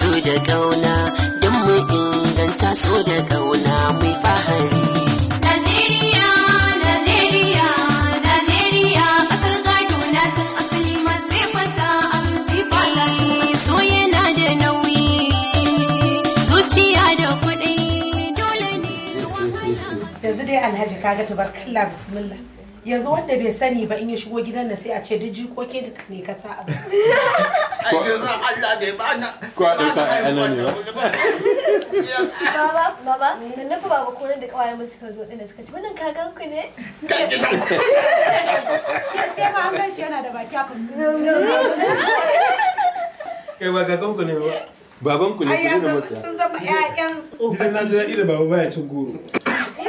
so da kauna don mu inganta so da kauna mai fahari Najeriya Najeriya Najeriya ƙasar gado na tun asali masu fata amsi falali so yana da nauyi zuciya da kuɗi dole ne dai alhaji kaga tabarkalla bismillah yanzu wanda bai sani ba in ya shigo gidan na sai a ce duk jikokin ka ne ka sa a gaba. Ai da Allah bai ba na. Ko a ɗauka a ana ne ba. Baba, baba, na fa baba ko da kawaye mu suka zo ɗin suka ce wannan kakan ku ne. Kan Sai ma an gan shi yana da baki a kan. Kai ba kakan ku ne ba. Baban ku ne ku ne masa. Sun zama ƴaƴan tsofi. Gidan na jira daɗi da baba baya cin goro.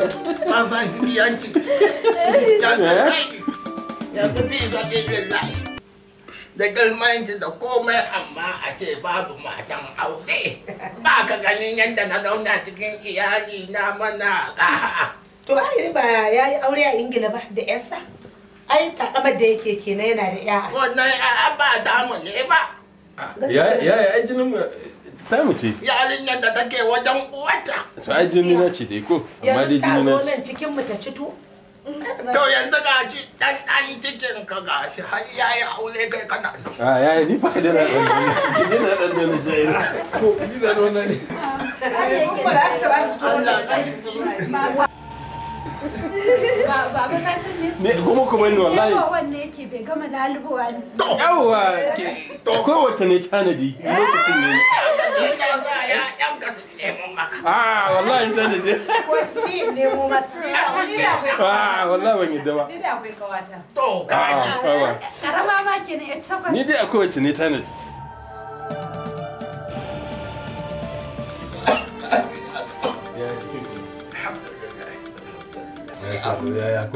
an san shi biyanci yanzu bi zaɓe bin da girmanci da komai amma a ce babu matan aure ba ka ganin yadda na zauna cikin iyali na mana ƙaha to ai ba ya yi aure a ingila ba da ai takamar da yake kenan yana da ya wannan ba damu ne ba ya ta ya ce nan da take wajen uwata to ai jini na ce dai ko amma dai jini na ce cikin mu ta ci to to yanzu ga ji dan dan cikin ka ga shi har yayi aure kai kana ah, a yayi ni fa da na dan ni na dan da ni jayi ko ni da wannan ne Allah Baba ka Ne kuma kuma ni wallahi. Yawa wanne yake bai gama lalubuwa ne. Yawa to wata ne tanadi lokacin ne. Ah wallahi in tanadi. Wani ne mu masu. Ah wallahi ban Ni da akwai kawata. To kawata. Karama ma kenan ita Ni dai akwai ne tanadi. Ya alhamdulillah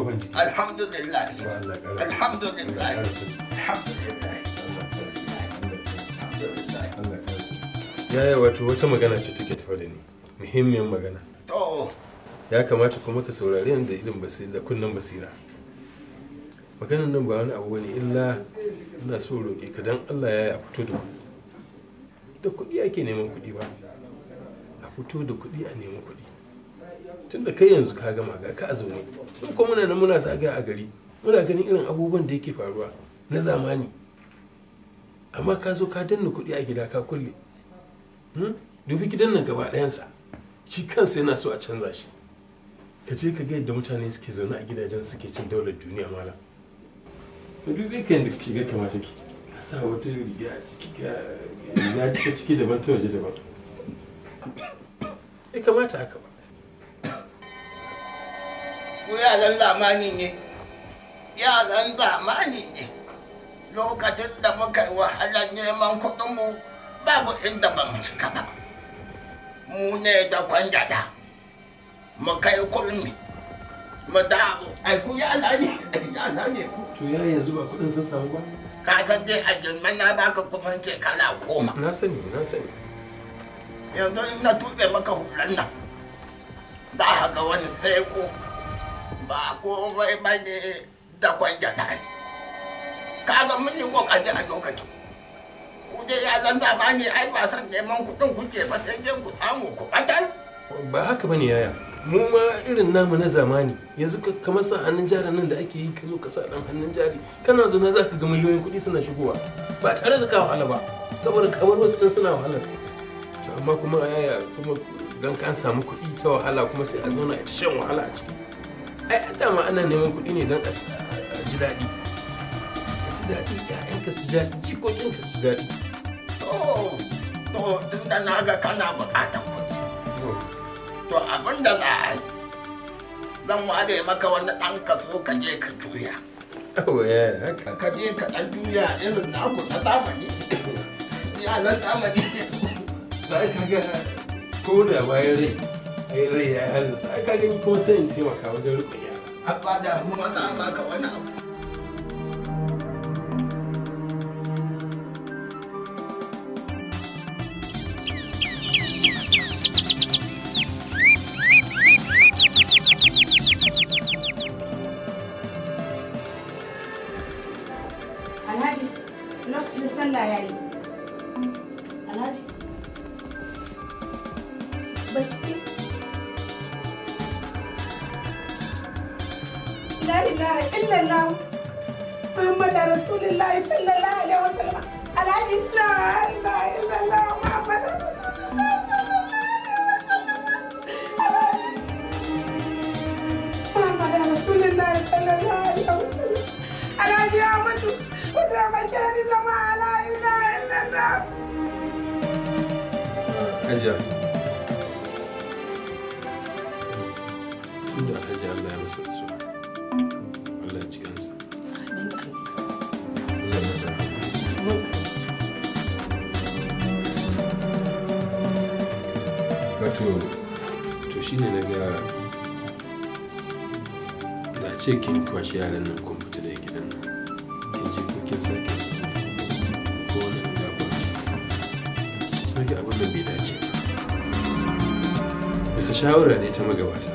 wato wata magana ce take tafa da ni muhimmiyar magana ya kamata kuma ka saurari da irin basira da kunnen basira maganar nan ba wani abu bane illa ina so roƙe ka dan Allah ya yi fito da da kuɗi ake neman kuɗi ba a fito da kuɗi a neman kuɗi tunda kai yanzu ka gama ga ka azumi duk kuma muna nan muna saga a gari muna ganin irin abubuwan da yake faruwa na zamani amma ka zo ka danna kuɗi a gida ka kulle hmm? dubi gidan nan gaba ɗayansa shi kansa yana so a canza shi ka ce ka ga yadda mutane suke zaune a gidajen suke cin daular duniya mala ka duk zai kayan da ke ga kama ciki ka sa wata riga a ciki ka riga ciki daban ta waje daban ya kamata haka ba ku yaran zamani ne yaran zamani ne lokacin da muka yi wahalar neman mu babu inda ba mu shiga ba mu ne da kwanjada mu kai kulmi mu dawo ai ku ya ne yara ne ku to ya yanzu ba kudin sun samu ba ka san dai a girman na baka ce kala goma na sani na sani yanzu na tuɓe maka hulan nan za ka ga wani sai ko ba komai ba ne da kwanja ta kaga mun yi kokari a lokacin ku dai ya zan ne ai ba san neman kuɗin kuke ba sai dai ku samu ku batar ba haka bane yaya mu ma irin namu na zamani yanzu ka sa hannun jari nan da ake yi ka zo ka sa dan hannun jari kana zo na za ka ga miliyoyin kuɗi suna shigowa ba tare da ka wahala ba saboda kamar wasu tun suna wahala amma kuma yaya kuma dan kan samu kuɗi ta wahala kuma sai a zauna a ta shan wahala a ciki ai dama ana neman kuɗi ne don a ji daɗi a ji daɗi ƴaƴanka su ji daɗi jikokinka su ji daɗi to tun da na ga kana buƙatar kuɗi to abin da za a yi zan ware maka wani ɗan kaso ka je ka juya oh, ka je ka ɗan juya irin naku na zamani ya yaran zamani sai ka ga ko da bayan rai a yi rai ya halin a aka gani ko sai in taimaka wajen rikon yara a ba da mu maza a baka wani abu Alhaji, lokacin sallah ya yi. ilaha illallah Muhammad Rasulullahi sallallahu alaihi wasallam Alhaji la ilaha illallah Muhammad ne daga da ce kin kwashi yaran nan kun fita da gidan nan kin je ko kin sake ko wani ya kwashi nake abin da bai dace ba bisa shawara ne ta magabata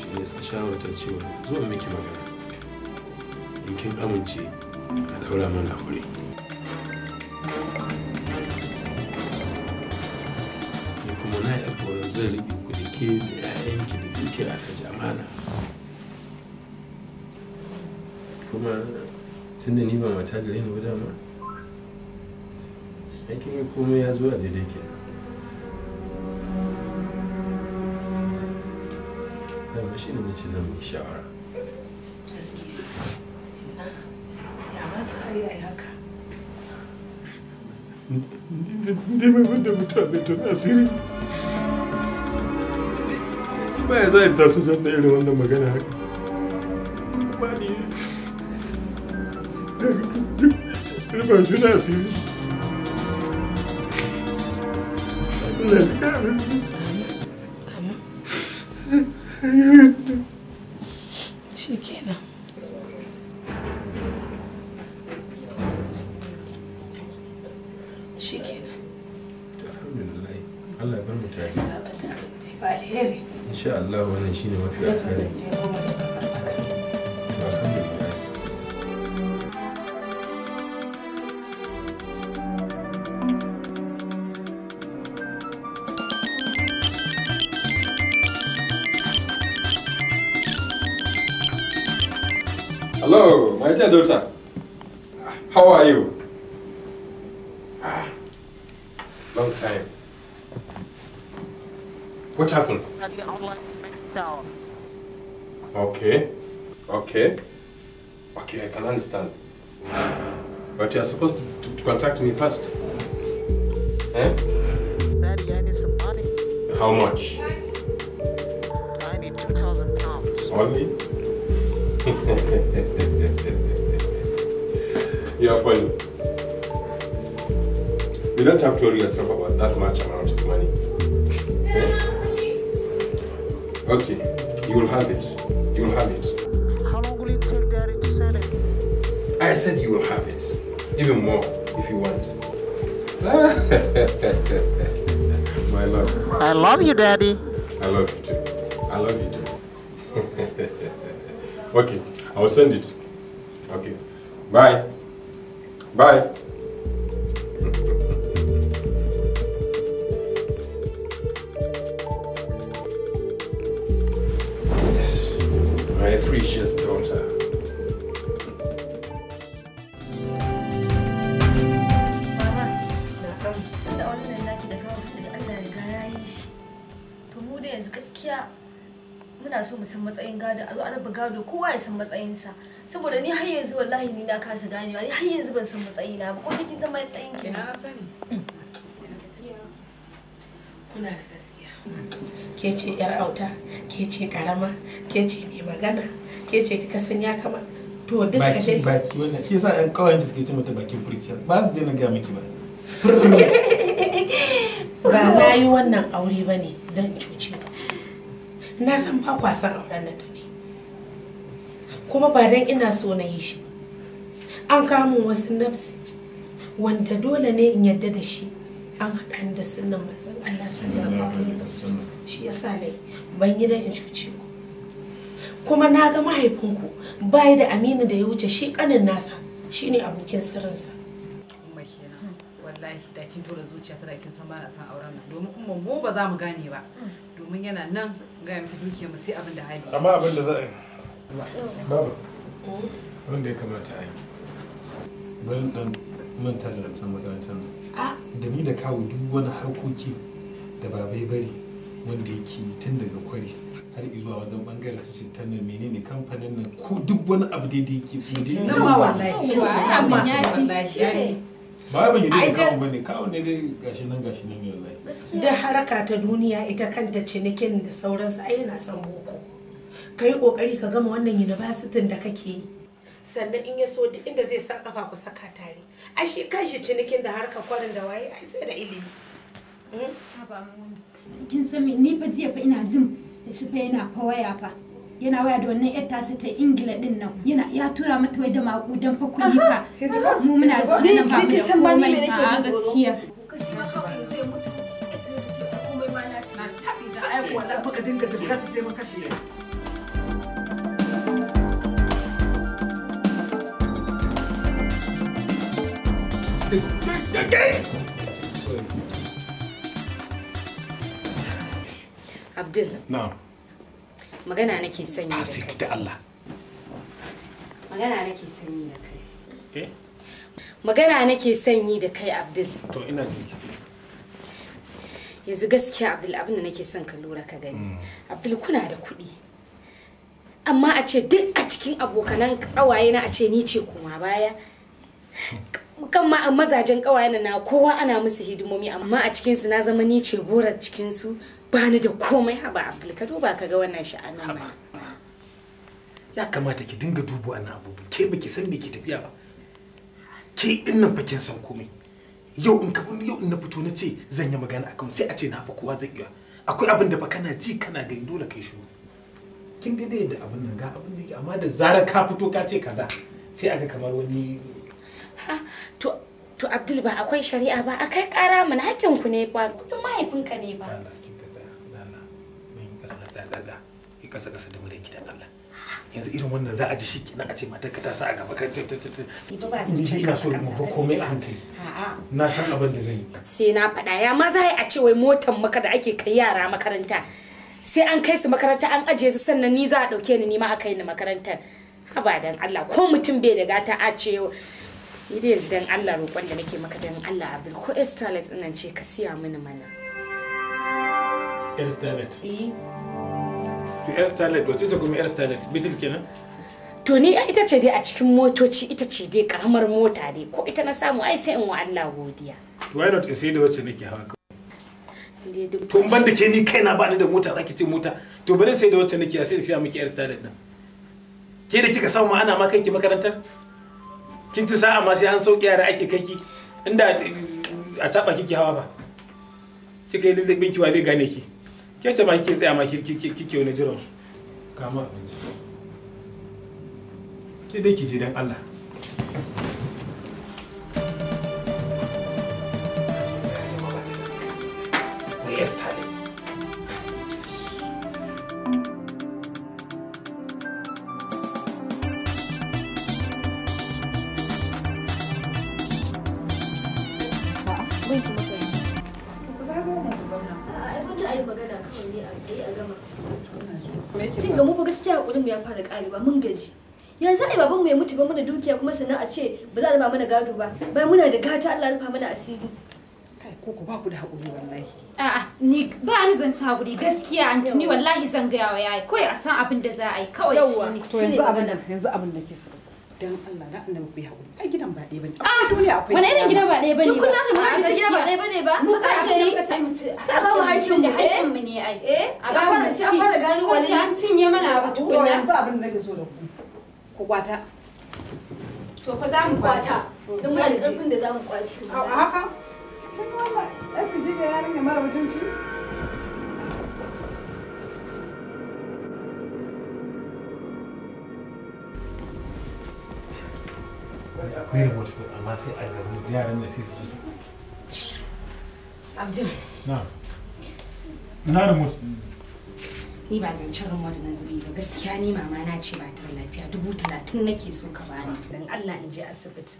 shi ne sa shawara ta cewa zo a miki magana in kin amince a daura mana aure kuma na yi alkawarin zan riƙe kuɗi ke amfana kuma tunda ni ba mata gare ni ba ma. aikin yi komai ya zuwa daidai ke dama shi ne na ce zan yi shawara ya ba su har yi wanda mutane tun asiri. ba ya zai taso don da irin wannan magana haka ba riba juna asiri love I love you, Daddy. I love you too. I love you too. okay, I'll send it. Okay. Bye. Bye. so mu san matsayin gado a zo ana ba gado kowa ya san matsayinsa saboda ni har yanzu wallahi ni na kasa ganewa ni har yanzu ban san matsayina ba ko kike san matsayin ki na sani hmm. kuna da gaskiya ke ce yar auta ke ce karama ke ce mai magana ke ce kika san ya kama to duka dai baki wannan shi yasa ɗan kawai da suke ce mata bakin furciya ba su daina ga miki ba ba na yi wannan aure ba ne don cuci ba na san ba kwa auren nan da ne kuma ba dan ina so na yi shi an kamun wasu nafsi wanda dole ne in yadda da shi an haɗa da sunan mazan Allah sallallahu alaihi wasallam shi sa na yi ban yi dan in cuce ku kuma na ga mahaifinku bai da aminu da ya wuce shi kanin nasa shine abokin sirrinsa wallahi da kin tura zuciya ta da kin san ba na san auren nan domin kuma mu ba za mu gane ba mm. domin yana nan gaya miki dukiyar mu sai abin da hali amma abin da za a yi babu abin da ya kamata a yi bari dan manta da rantsan makarantar nan da ni da kawo duk wani harkoki da ba bai bari wanda yake tun daga kwari har izuwa wajen bangaren su ce tannan menene kamfanin nan ko duk wani abu da yake fi da na wallahi shi wallahi ba ban yi da kawo bane kawo ne dai gashi nan gashi nan wallahi duk haraka ta duniya ita kanta cinikin da sauransu ai yana son boko ka yi kokari ka gama wannan yunivasitin da kake yi sannan in ya so duk inda zai sa kafa ku saka tare ai shi kanshi cinikin da harka kwarin da waye ai sai da ilimi hmm? kin san ni fa jiya fa ina jin shi fa yana fa waya fa yana waya da wannan yar tasa ta ingila din nan yana ya tura mata wai da makudan fa kuɗi fa mu muna zo nan ba mu da komai ba gaskiya ai ko wallahi muka dinga jibga ta sai mun kashe ka Abdul. Na'am. Magana nake sanyi da kai. da Allah. Magana nake sanyi da kai. Eh? Magana nake sanyi da kai Abdul. To ina jin yanzu gaskiya abdul abin da nake son ka lura ka gani mm. abdul kuna da kuɗi amma a ce duk a cikin abokanan kawaye na a ce ni ce kuma baya kan ma mazajen kawaye na kowa ana musu hidimomi amma a cikinsu na zama ni ce borar cikinsu ba ni da komai haba abdul ka duba ka ga wannan sha'anin ma ya kamata ki dinga dubo wannan abubu ke baki san me ke tafiya ba ke dinnan fa kin san komai yau in ka yau in na fito na ce zan yi magana akan sai a ce na fa kowa zai iya akwai abin da ba kana ji kana gani dole kai shi kin ga dai da abin nan ga abin da yake amma da zarar ka fito ka ce kaza sai aka kamar wani to to Abdul ba akwai shari'a ba akai kara mana hakkin ku ne ba kudin mahaifinka ne ba Allah ki kaza Allah ki kasa kasa da mu da gidan Allah yanzu irin wannan za a ji shi kina a ce mata ka ta sa a gaba ka ni dai ina so mu ba komai a hankali na san abin da zan yi sai na faɗa ya ma za a ce wai motan maka da ake kai yara makaranta sai an kai su makaranta an ajiye su sannan ni za a ɗauke ni ma a kai ni makarantar dan Allah ko mutum bai da gata a ce ni dai yanzu dan Allah roƙon da nake maka dan Allah abin ko Estalet ɗin nan ce ka siya mini mana Estalet eh to yar starlet wace ce kuma yar starlet bitin kenan to ni ita ce dai a cikin motoci ita ce dai karamar mota dai ko ita na samu ai sai in wa Allah godiya to why not in sai da wacce nake hawa to in banda ke ni kaina ba ni da mota zaki ce mota to bari sai da wacce nake sai sai miki yar starlet din ke da kika samu ana ma kanki makarantar kin ci sa'a ma sai an sauki yara ake kai ki inda a taba kike hawa ba kika yi lullubin kiwa zai gane ki ke ce ma kike tsaya ma kike wani jiran su kama abinci ke dai ki je dan Allah mu ya mutu ba muna dukiya kuma sannan a ce ba za a raba mana gado ba bayan muna da gata Allah ya rufa mana asiri kai ko ku ba ku da hakuri wallahi a'a ni ba ni zan ta hakuri gaskiya antini wallahi zan ga yawa yayi kai a san abin da za a yi kawai shine to yanzu abin yanzu abin da ke so dan Allah na annabi ku yi haƙuri ai gidan ba dai bane a ah, duniya akwai wani irin gida ba dai bane ba kullum ka mun ah, ta gida ba dai bane ba mu ka ke yi sai ba mu hakkin mu hakkin mu ne ai eh a ga fara sai a fara gano wani an cinye mana abu yanzu abin da nake so da ku ku kwata to fa za mu kwata don muna da karfin da za mu kwace a haka kin wannan ɗan fiji da yarinya mara mutunci akwai amma sai a zaune yaran da sai su zo abdul na na ni ba zancen remote na zubi ba gaskiya ni mama na ce ba ta lafiya dubu talatin nake so ka bani dan allah in je asibiti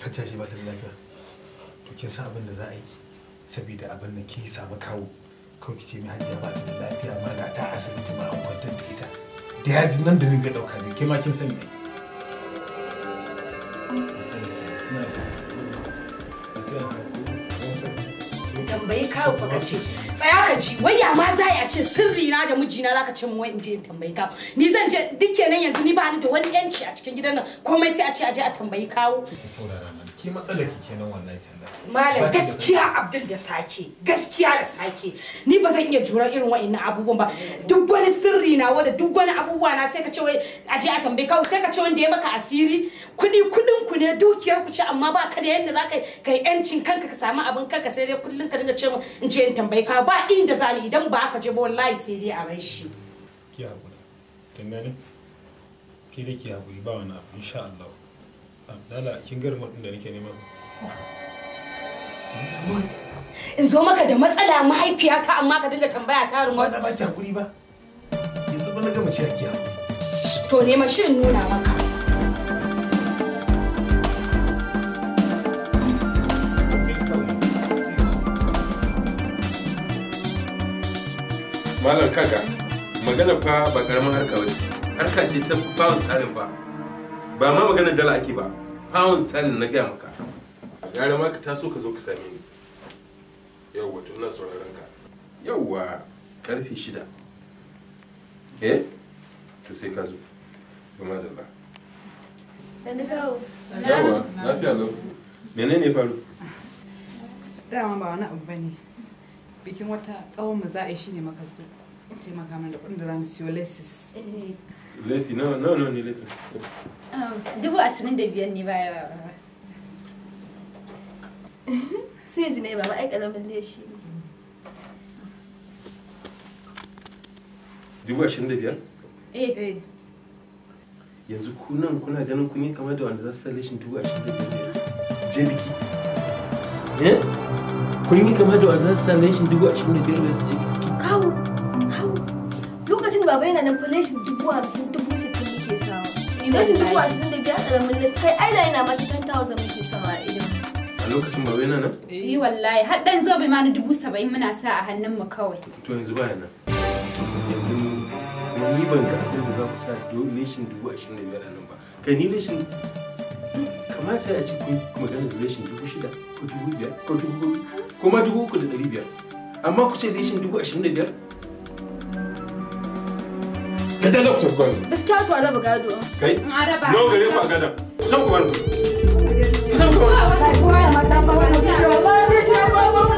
hajja ce ba ta lafiya to kin san abin da za a yi saboda abin da ke samu kawo kawai ki ce mai hajja ba ta da lafiya ma ga ta asibiti ma an kwantar da ita da yaji nan da ni zai dauka zai ke ma kin sani Thank you. tambayi kawo ka ce tsaya ka ci ya ma za a ce sirri na da mijina zaka ce mu wai in je in tambayi kawo ni zan je duk kenan yanzu ni ba ni da wani yanci a cikin gidan nan komai sai a ce a je a tambayi kawo ke matsala ki kenan wannan tallahi malam gaskiya abdul da sake gaskiya da sake ni ba zan iya jura irin wa'annan abubuwan ba duk wani sirri na wanda duk wani abubuwa na sai ka ce wai a je a tambaye kawai sai ka ce wanda ya maka asiri kudi kudin ku ne dukiyar ku ce amma ba ka da yadda zaka ka yi yancin kanka ka samu abin kanka sai dai kullun ka dinga ce mun in je in tambaye ka ba inda ni idan ba ka je ba wallahi sai dai a bar shi ki hakuri kin gane ki da ki hakuri ba wani abu insha Allah Lala, kin ga mutum din da nake nema? Remote? In zo maka da matsala mahaifiyata amma ka dinga tambaya ta remote? Ba ba ki hakuri ba. Yanzu ba na gama ci hakiya. To nema shirin nuna maka. Malam kaga, magana fa ba karamin harka ba ce. Harka ce ta ba su tarin ba. ba ma maganar dala ake ba pound sterling na gaya maka yare ma ka taso ka zo ka same ni yawwa to ina sauraron ka yawwa karfe shida eh to sai ka zo ba ma zalla yawwa lafiya lau menene faru dama ba wani abu bane bikin wata kawon mu za a yi shine maka zo taimaka mana da kudin da za mu siyo lesis eh. Lesi, nawa nawa nawa ne lesi? Um, dubu ashirin da biyar ne baya ba. Swiss ne ba aika zaman leshi ne. Dubu ashirin da biyar? Eh. eh. Yanzu kunan kuna ganin kun yi kamar da wanda za su leshin dubu ashirin da biyar su je biki. Eh? Kun yi kamar da wanda za su leshin dubu ashirin da biyar su je biki. baba yana nan falashin dubu hamsin dubu sittin muke sawa falashin dubu ashirin da biyar daga zaman nasu kai aida yana mata ten thousand muke sawa a idan a lokacin baba yana nan eh, eh wallahi har dan zo bai mana dubu saba'in muna sa a hannun mu kawai to yanzu baya nan yanzu ni ban ga abin da za ku sa leshin dubu ashirin da biyar a nan ba kai ni leshin kamata a ci kun magana leshin dubu shida ko dubu biyar ko dubu kuma ma dubu uku da ɗari biyar amma ku ce leshin dubu ashirin da biyar ka ta lokacin ku gado gaskiya ku raba gado kai in araba no gare ku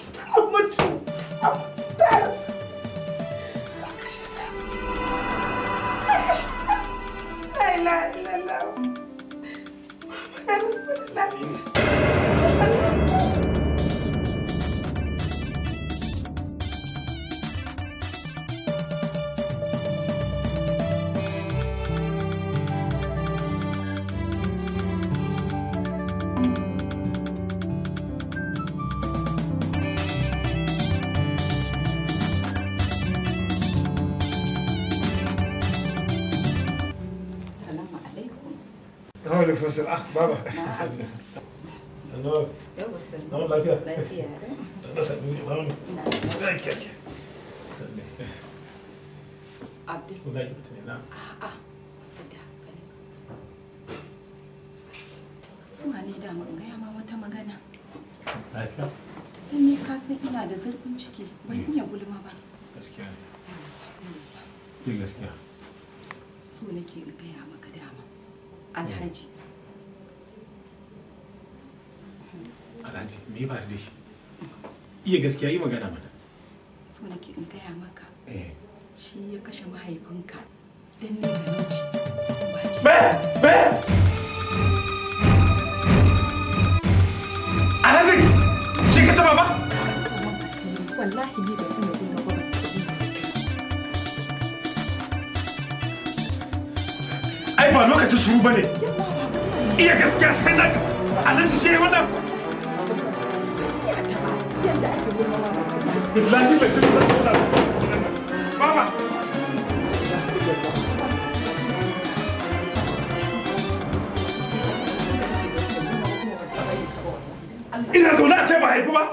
ce ah baba nawa lafiya da da ke ke abdul da suna ne da gaya ma wata magana in ka san ah, ah. ina da zurfin ciki ban iya gulma ba gaskiya ne gaskiya nake gaya maka dama alhaji iya gaskiya yi magana mana so nake in gaya maka eh. shi ya kashe mahaifinka don ne da nauci be be alhaji shi ka saba ba wallahi ne da iya gulma ba ai ba lokacin shuru bane iya gaskiya sai na alhaji sai wannan billahi da ina zaune a ce ba haifu ba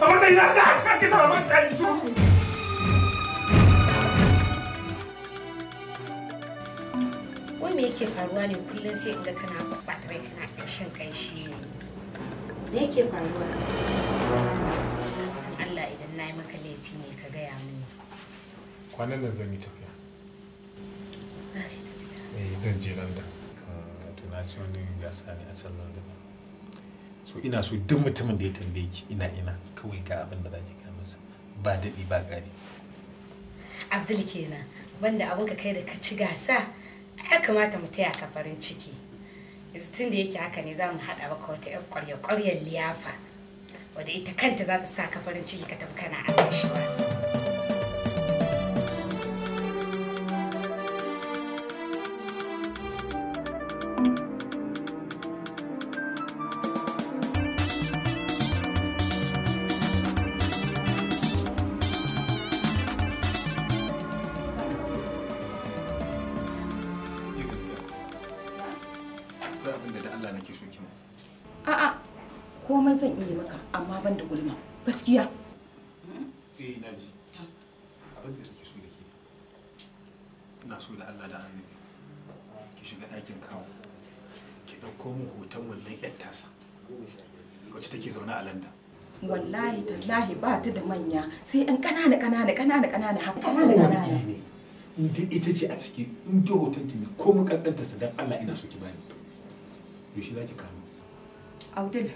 a matsayin na da ta kisa ba ta yi shiru wai me yake faruwa ne kullum sai in kana ɓata rai kana ƙanshin ƙanshi ne me yake faruwa laifi ne ka gaya mini kwanan nan zan yi tafiya eh zan je london ah, to na ci wani gasa ne a can london so ina so duk mutumin da ya tambaye ki ina ina kawai ga abin da zaki ga masa ba daɗi ba gari abdul kenan banda abin ka kai da ka ci gasa ya kamata mu taya ka farin ciki yanzu tun da yake haka ne za mu haɗa maka wata 'yar ƙwarya-ƙwaryar liyafa wadda ita kanta za ta sa ka farin ciki ka tafi kana annashuwa. abin da da Allah komai zan iya maka amma ban da gulma gaskiya eh na ji abin da kake so da ke ina so da Allah da annabi ki shiga ɗakin kawo ki dauko mu hoton wannan ɗan tasa wacce take zaune a landa wallahi tallahi ba ta da manya sai yan kanana kanana kanana kanana haka kanana kanana ne inda ita ce a ciki in hoton ta ne ko mun kankanta sa dan Allah ina so ki bani yaushe zaki kama Abdul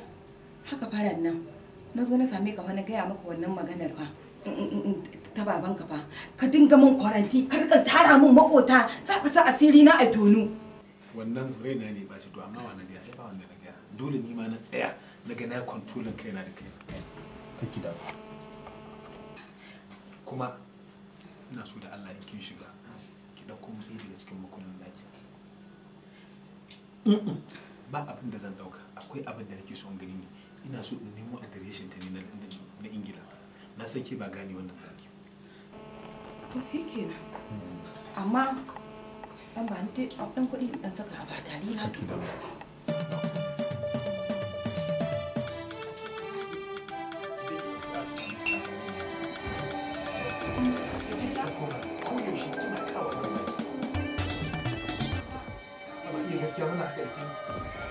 haka faran nan na zo na same ka fa na gaya maka wannan maganar fa mm, mm, mm, ta baban ka fa ka dinga mun kwaranti ka rika tara min makota za ka sa asiri na a tonu wannan raina ne ba shi to amma wannan ya ba wannan na gaya dole ni ma na tsaya na ga na controlin kaina da kai. kake da kuma ina so da Allah in kin shiga ki dauko mu daga cikin makullin daki ba abin da zan dauka akwai abin da nake so in gani ina so in nemo adireshin ta ne na ingila na san ke ba gane wannan zaki to shi kenan amma dan ba ni dan kuɗi dan saka ba tare na duba gaskiya muna haka da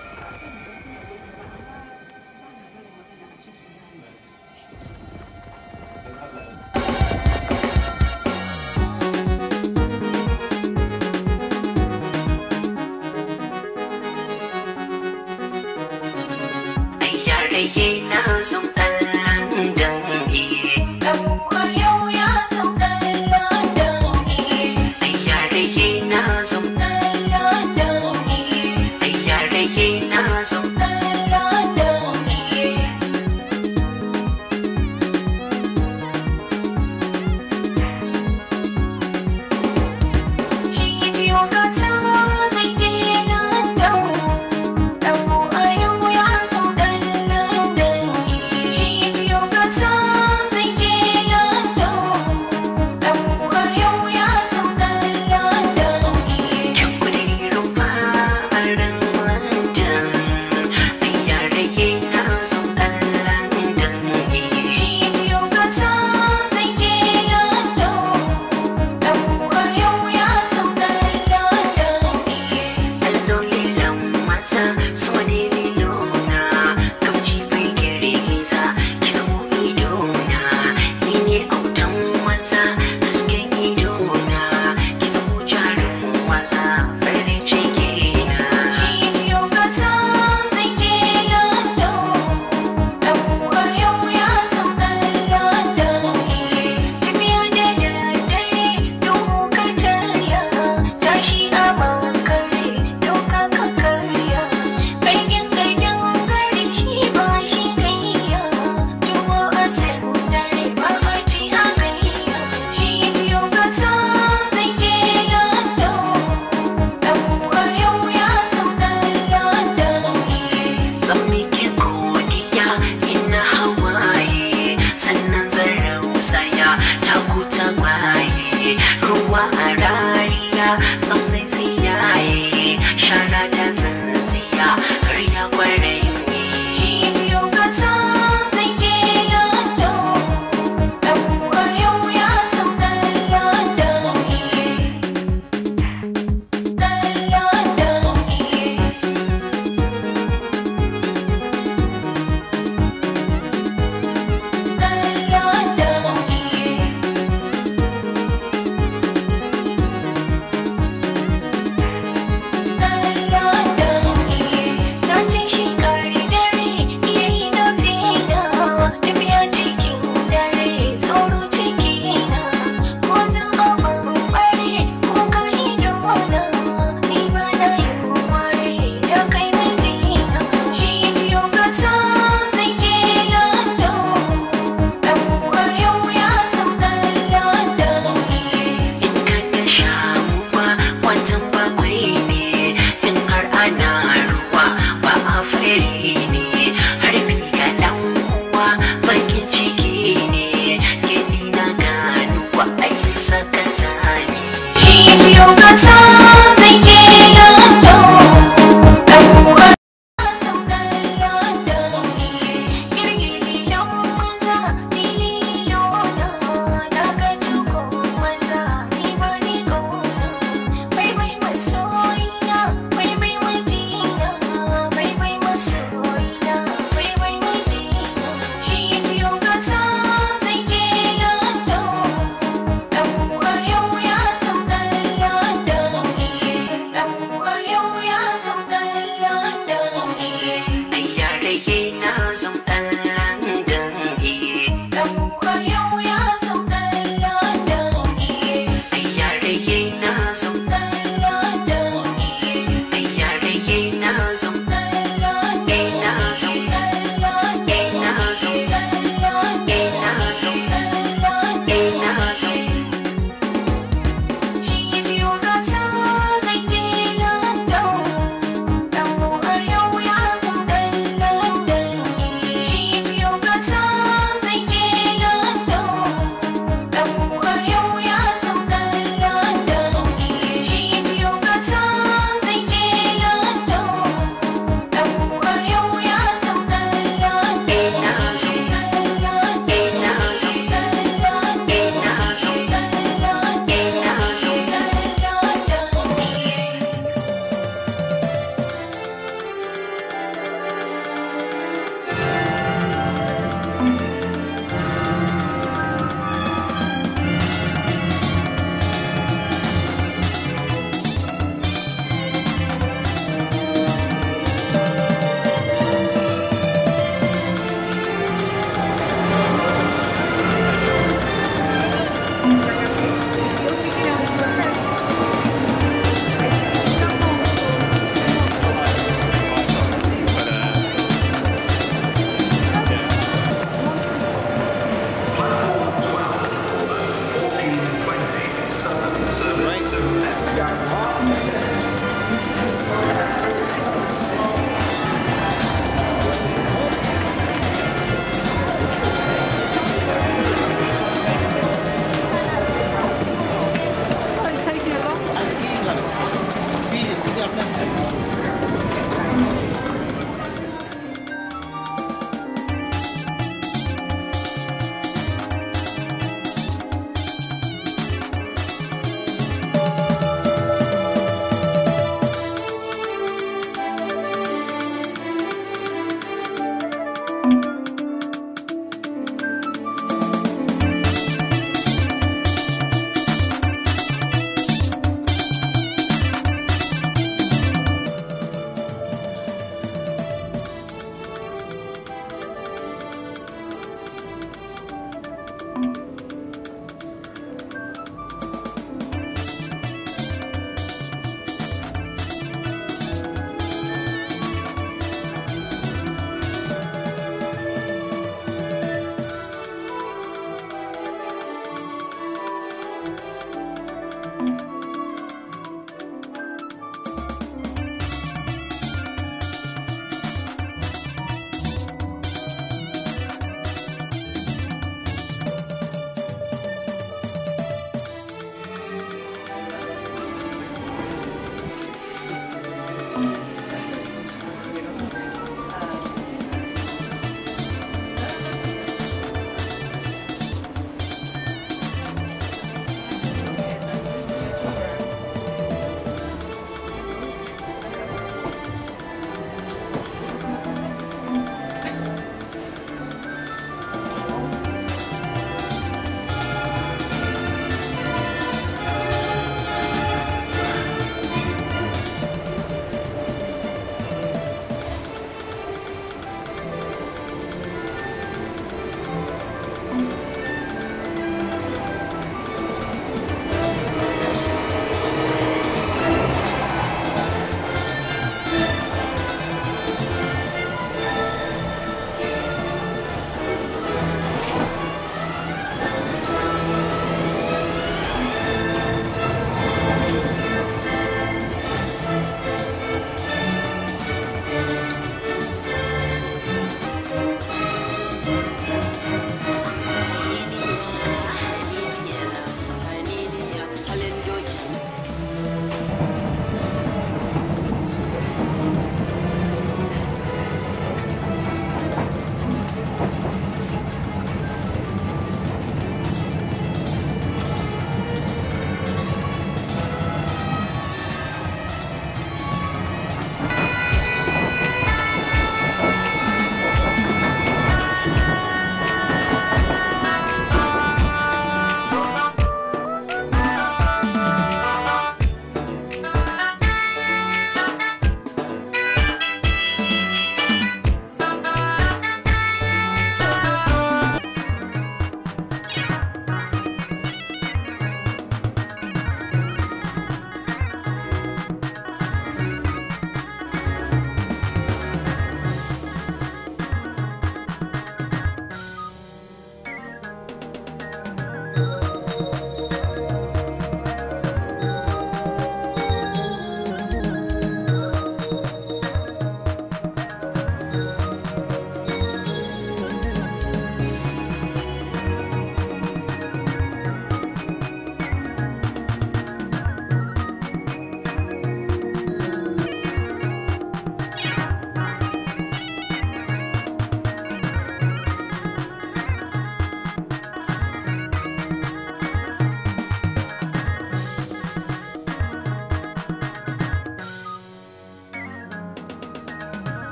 kai na sun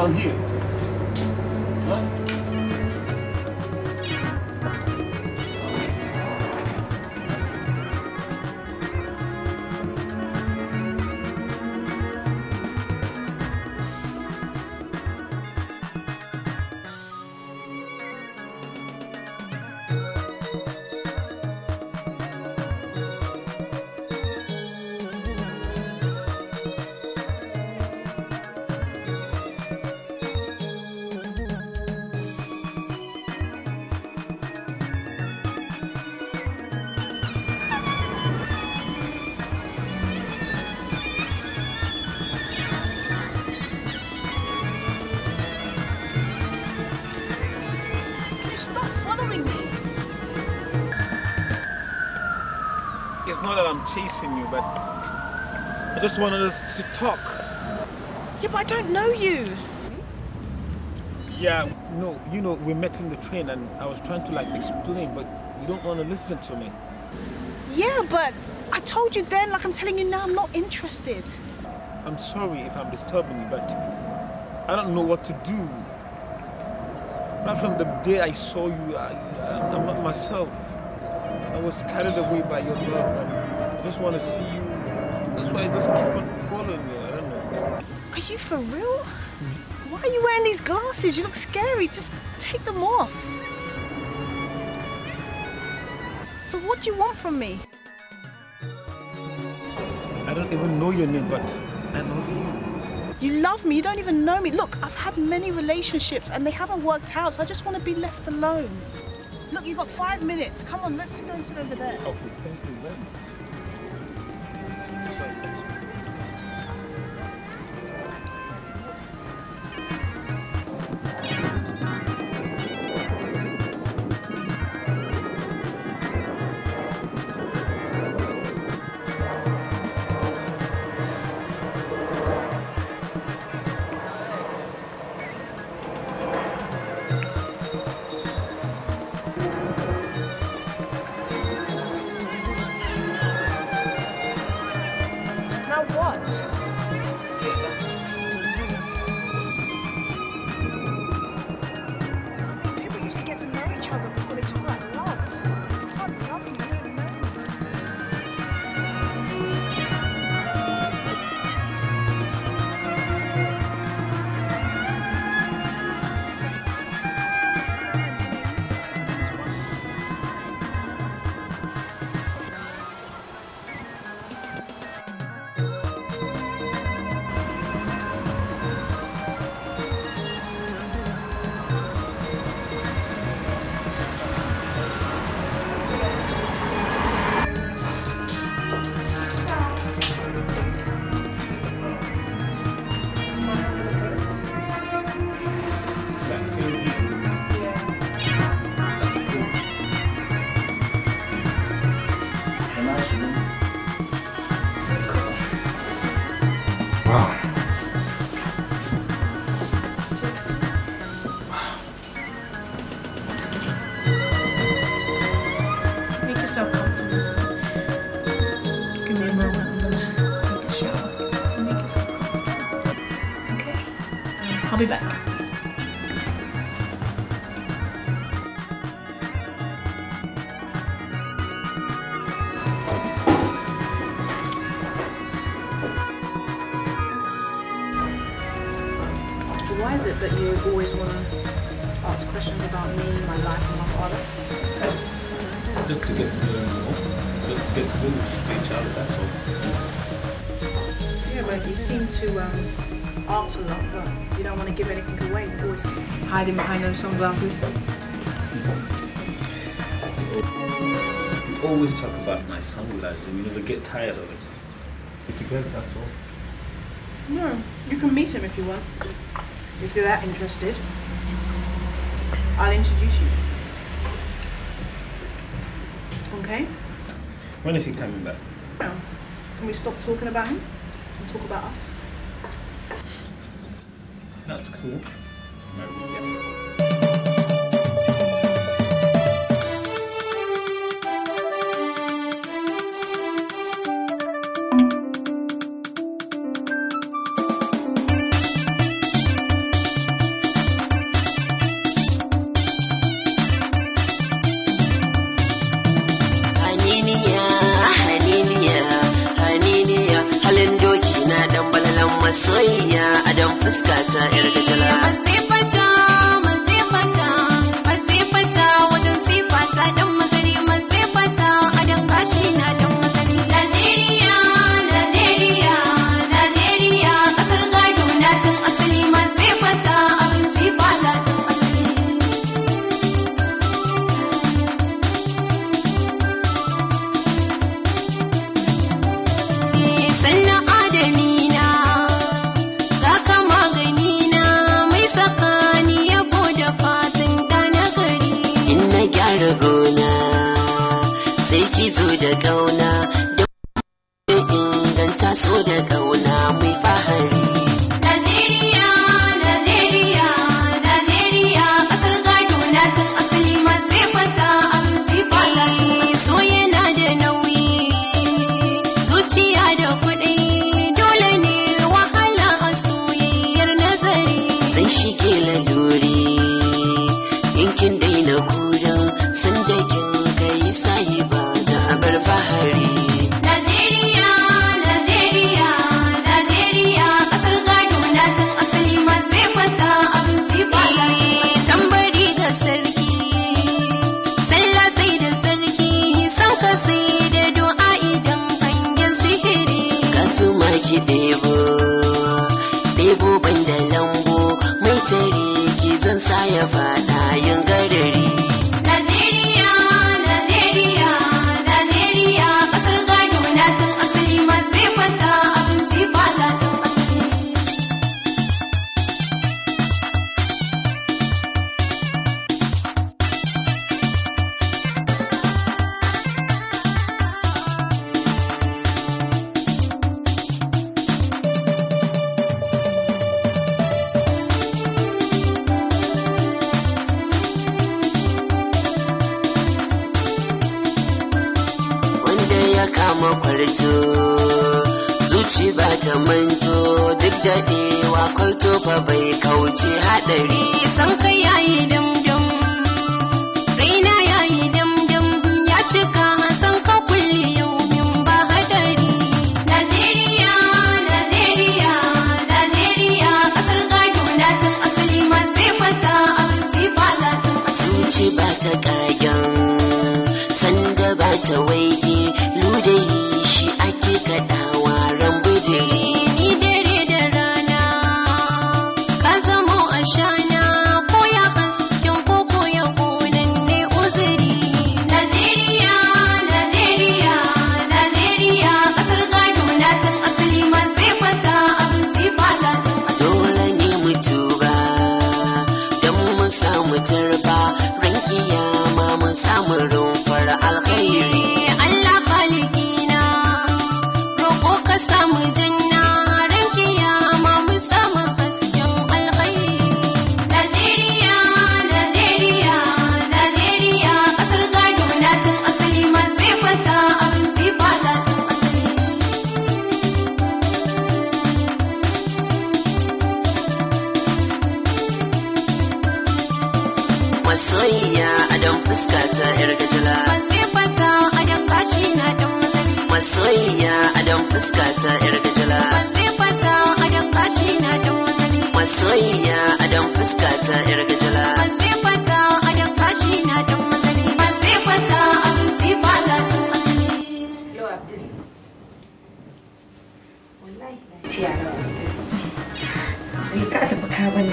down here. It's not that I'm chasing you, but I just wanted us to talk. Yeah, but I don't know you. Yeah, no, you know, we met in the train and I was trying to like explain, but you don't want to listen to me. Yeah, but I told you then, like I'm telling you now, I'm not interested. I'm sorry if I'm disturbing you, but I don't know what to do. Right from the day I saw you, I, am not myself. I was carried away by your love, and I just want to see you. That's why I just keep on following you. I don't know. Are you for real? Why are you wearing these glasses? You look scary. Just take them off. So what do you want from me? I don't even know your name, but you love me, you don't even know me. Look, I've had many relationships and they haven't worked out, so I just want to be left alone. Look, you've got five minutes. Come on, let's go and sit over there. Oh. I'll be back. Why is it that you always want to ask questions about me, my life, and my father? Just to get to know just get close to each other, that's all. Yeah, but you seem to um, answer a lot, but you don't want to give anything away. You're always hiding behind those sunglasses. You always talk about my sunglasses and you never get tired of it. we get it? that's all. No, you can meet him if you want. If you're that interested, I'll introduce you. Okay? When is he coming back? Now, can we stop talking about him and talk about us? 嗯。kwarto zuci ba ta manto duk da ɗewa kwarto fa bai kauce hadari san kai yayi damdam raina yayi damdam ya cika san ka kulli yau min ba hadari Najeriya Najeriya Najeriya kasar gado na tun asali ma sai mata abinci ba za ta zuci ba ta kayan sanda ba ta wai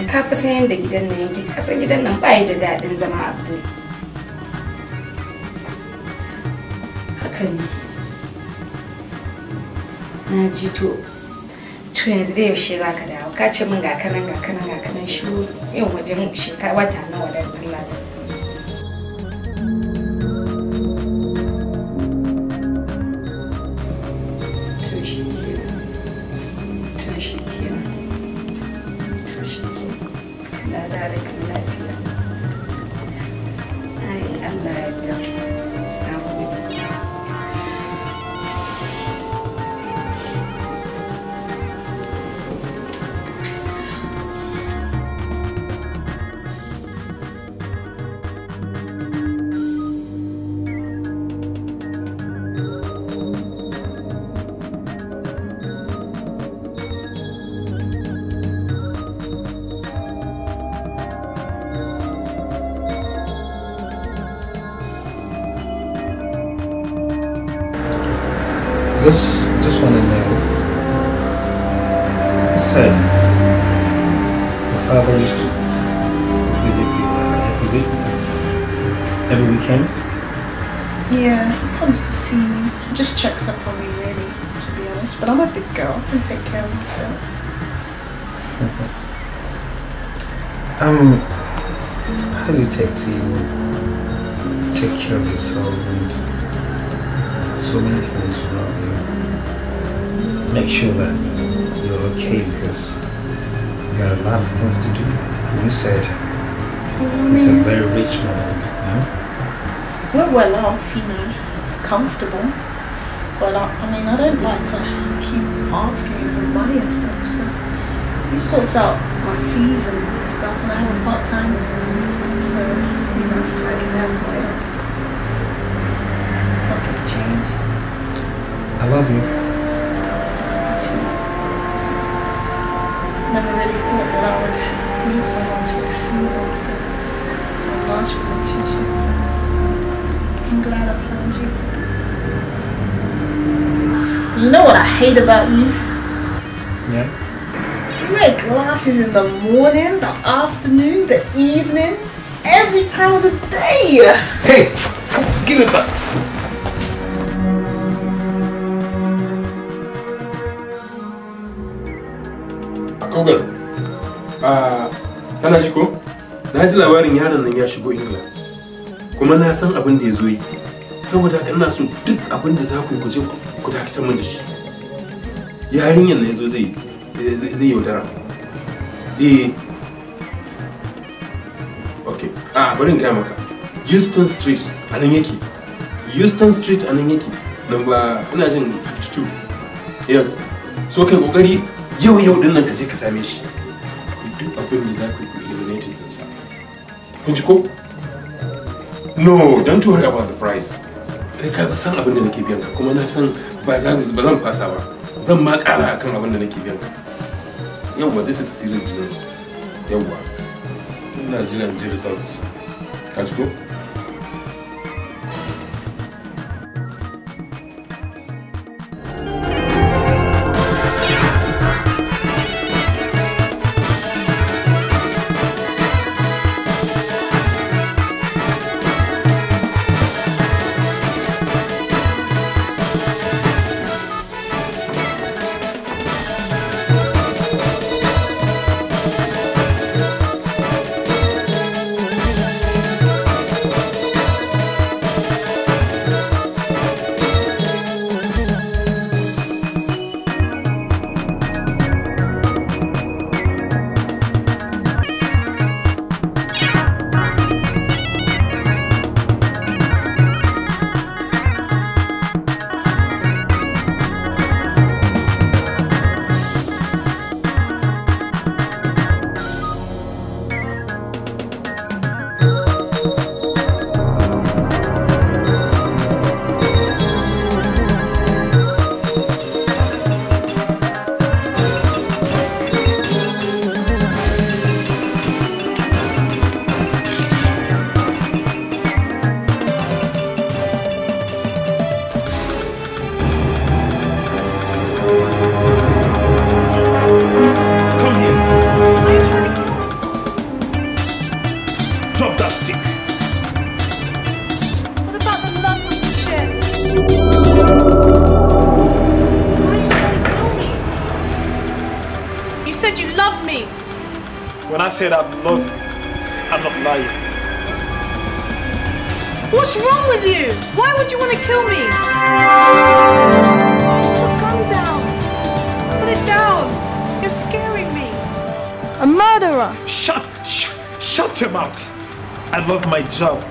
ka fi san yadda gidan nan yake ka san gidan nan ba da daɗin zama abdul haka ne na ji to to yanzu da yaushe za ka dawo ka ce min ga kanan ga kanan ga kanan shi yau wajen shekara wata nawa da make sure that you're okay because you got a lot of things to do. And you said he's a very rich man. You know? We're well off, you know, comfortable. But I, uh, I mean, I don't like to keep asking for money and stuff. So he sorts out my fees and stuff, and I have a part time, so you know I can have my own. I love you. Never really thought that I would meet someone so soon after a last relationship. I'm glad I found you. You know what I hate about you? Yeah. You wear glasses in the morning, the afternoon, the evening, every time of the day. Hey, come on, give it back. Kogal, ah, kana ji ko? Na ji labarin yaron nan ya shigo Ingila. Kuma na san abin da ya zo yi. Saboda kan na so duk abin da za ku yi kuje ku dakatar mun da shi. yarinyar nan ya zo zai zai yaudara. Eh. Okay. Ah, bari in gaya maka. Houston Street a nan yake. Houston Street a nan yake. Number ina jin 52. Yes. So kai kokari yau yau din nan ka je ka same shi duk abin da za ku yi eliminating sa kun ji ko no don't worry about the price kai ka san abin da nake biyan ka kuma na san ba za ba zan fasa ba zan ma kara akan abin da nake biyan ka yawwa this is a serious business yawwa ina jiran ji results ka ji ko When I said I love you, I'm not lying. What's wrong with you? Why would you want to kill me? Put the gun down. Put it down. You're scaring me. A murderer. Shut, shut, shut your mouth. I love my job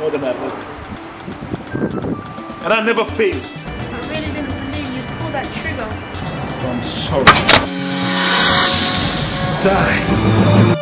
more than I love you. And I never fail. I really didn't believe you'd pull that trigger. I'm sorry die.